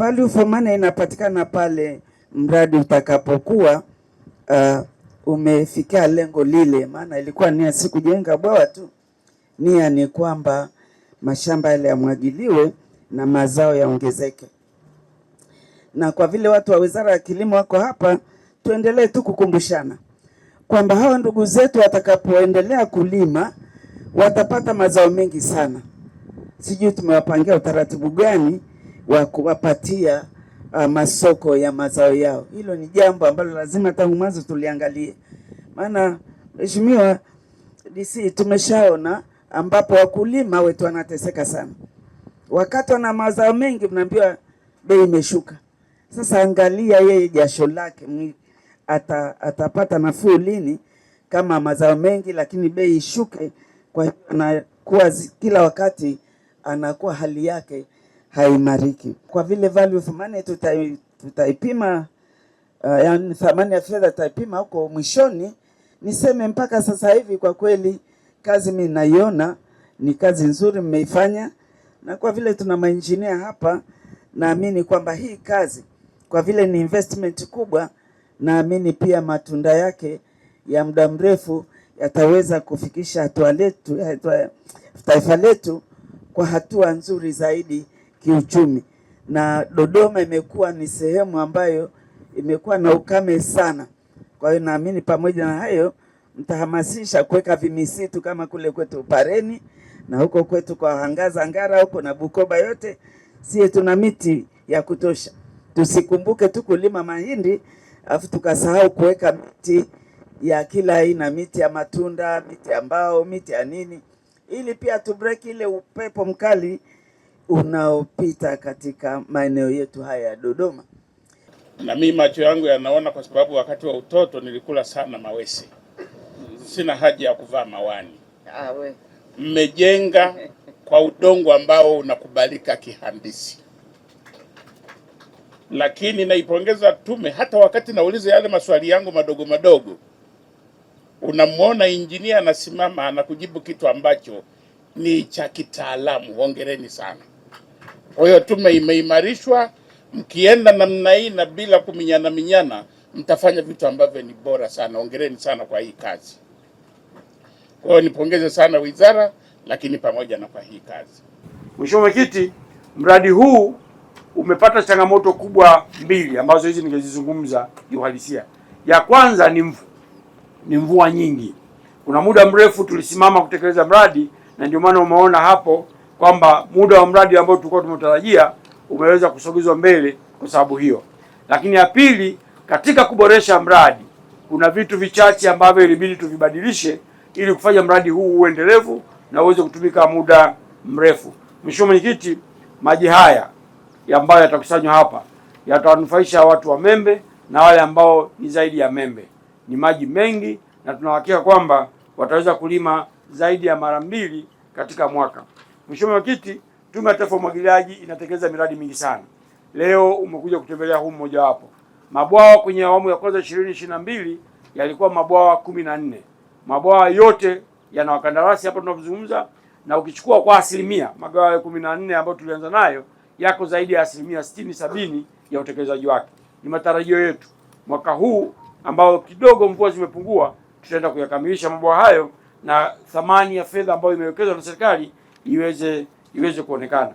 value for money inapatikana pale mradi utakapokuwa uh, umefikia lengo lile. Maana ilikuwa nia si kujenga bwawa tu, nia ni kwamba mashamba yale yamwagiliwe na mazao yaongezeke. Na kwa vile watu wa Wizara ya Kilimo wako hapa, tuendelee tu kukumbushana kwamba hawa ndugu zetu watakapoendelea kulima watapata mazao mengi sana. Sijui tumewapangia utaratibu gani wa kuwapatia uh, masoko ya mazao yao. Hilo ni jambo ambalo lazima tangu mwanzo tuliangalie, maana Mheshimiwa DC, tumeshaona ambapo wakulima wetu wanateseka sana, wakati wana mazao mengi mnaambiwa bei imeshuka. Sasa angalia yeye jasho lake ata, atapata nafuu lini kama mazao mengi lakini bei ishuke? Kwa hiyo anakuwa kila wakati anakuwa hali yake haimariki. Kwa vile value of money tuta, tutaipima uh, yani thamani ya fedha tutaipima huko mwishoni. Niseme mpaka sasa hivi kwa kweli kazi mimi naiona ni kazi nzuri mmeifanya, na kwa vile tuna maengineer hapa, naamini kwamba hii kazi kwa vile ni investment kubwa, naamini pia matunda yake ya muda mrefu yataweza kufikisha hatua letu hatua, taifa letu kwa hatua nzuri zaidi kiuchumi, na Dodoma imekuwa ni sehemu ambayo imekuwa na ukame sana. Kwa hiyo naamini pamoja na hayo mtahamasisha kuweka vimisitu kama kule kwetu Upareni na huko kwetu kwa Hangaza Ngara huko na Bukoba yote, sie tuna miti ya kutosha. Tusikumbuke tu kulima mahindi afu tukasahau kuweka miti ya kila aina, miti ya matunda, miti ya mbao, miti ya nini, ili pia tubreki ile upepo mkali unaopita katika maeneo yetu haya ya Dodoma. Na mimi macho yangu yanaona, kwa sababu wakati wa utoto nilikula sana mawese, sina haja ya kuvaa mawani. Mmejenga kwa udongo ambao unakubalika kihandisi, lakini naipongeza tume. Hata wakati nauliza yale maswali yangu madogo madogo, unamwona injinia anasimama anakujibu kitu ambacho ni cha kitaalamu. Hongereni sana. Kwa hiyo tume imeimarishwa. Mkienda namna hii na bila kuminyana minyana, mtafanya vitu ambavyo ni bora sana. ongereni sana kwa hii kazi. Kwa hiyo nipongeze sana wizara, lakini pamoja na kwa hii kazi. Mheshimiwa Mwenyekiti, mradi huu umepata changamoto kubwa mbili ambazo hizi ningezizungumza kiuhalisia. Ya kwanza ni mvu, ni mvua nyingi. Kuna muda mrefu tulisimama kutekeleza mradi na ndio maana umeona hapo kwamba muda wa mradi ambao tulikuwa tumetarajia umeweza kusogezwa mbele kwa sababu hiyo. Lakini ya pili, katika kuboresha mradi kuna vitu vichache ambavyo ilibidi tuvibadilishe ili kufanya mradi huu uendelevu na uweze kutumika muda mrefu. Mheshimiwa Mwenyekiti, maji haya ambayo yatakusanywa hapa yatawanufaisha watu wa Membe na wale ambao ni zaidi ya Membe. Ni maji mengi na tunahakika kwamba wataweza kulima zaidi ya mara mbili katika mwaka. Mheshimiwa Mwenyekiti, Tume ya Taifa ya Umwagiliaji inatekeleza miradi mingi sana. Leo umekuja kutembelea huu mmojawapo. Mabwawa kwenye awamu ya kwanza ishirini na mbili yalikuwa mabwawa kumi na nne. Mabwawa yote yana wakandarasi hapa tunavyozungumza, na ukichukua kwa asilimia magawa ya 14 na nne ambayo tulianza nayo yako zaidi ya asilimia 60 sabini ya utekelezaji wake. Ni matarajio yetu mwaka huu ambao kidogo mvua zimepungua, tutaenda kuyakamilisha mabwawa hayo na thamani ya fedha ambayo imewekezwa na serikali iweze iweze kuonekana.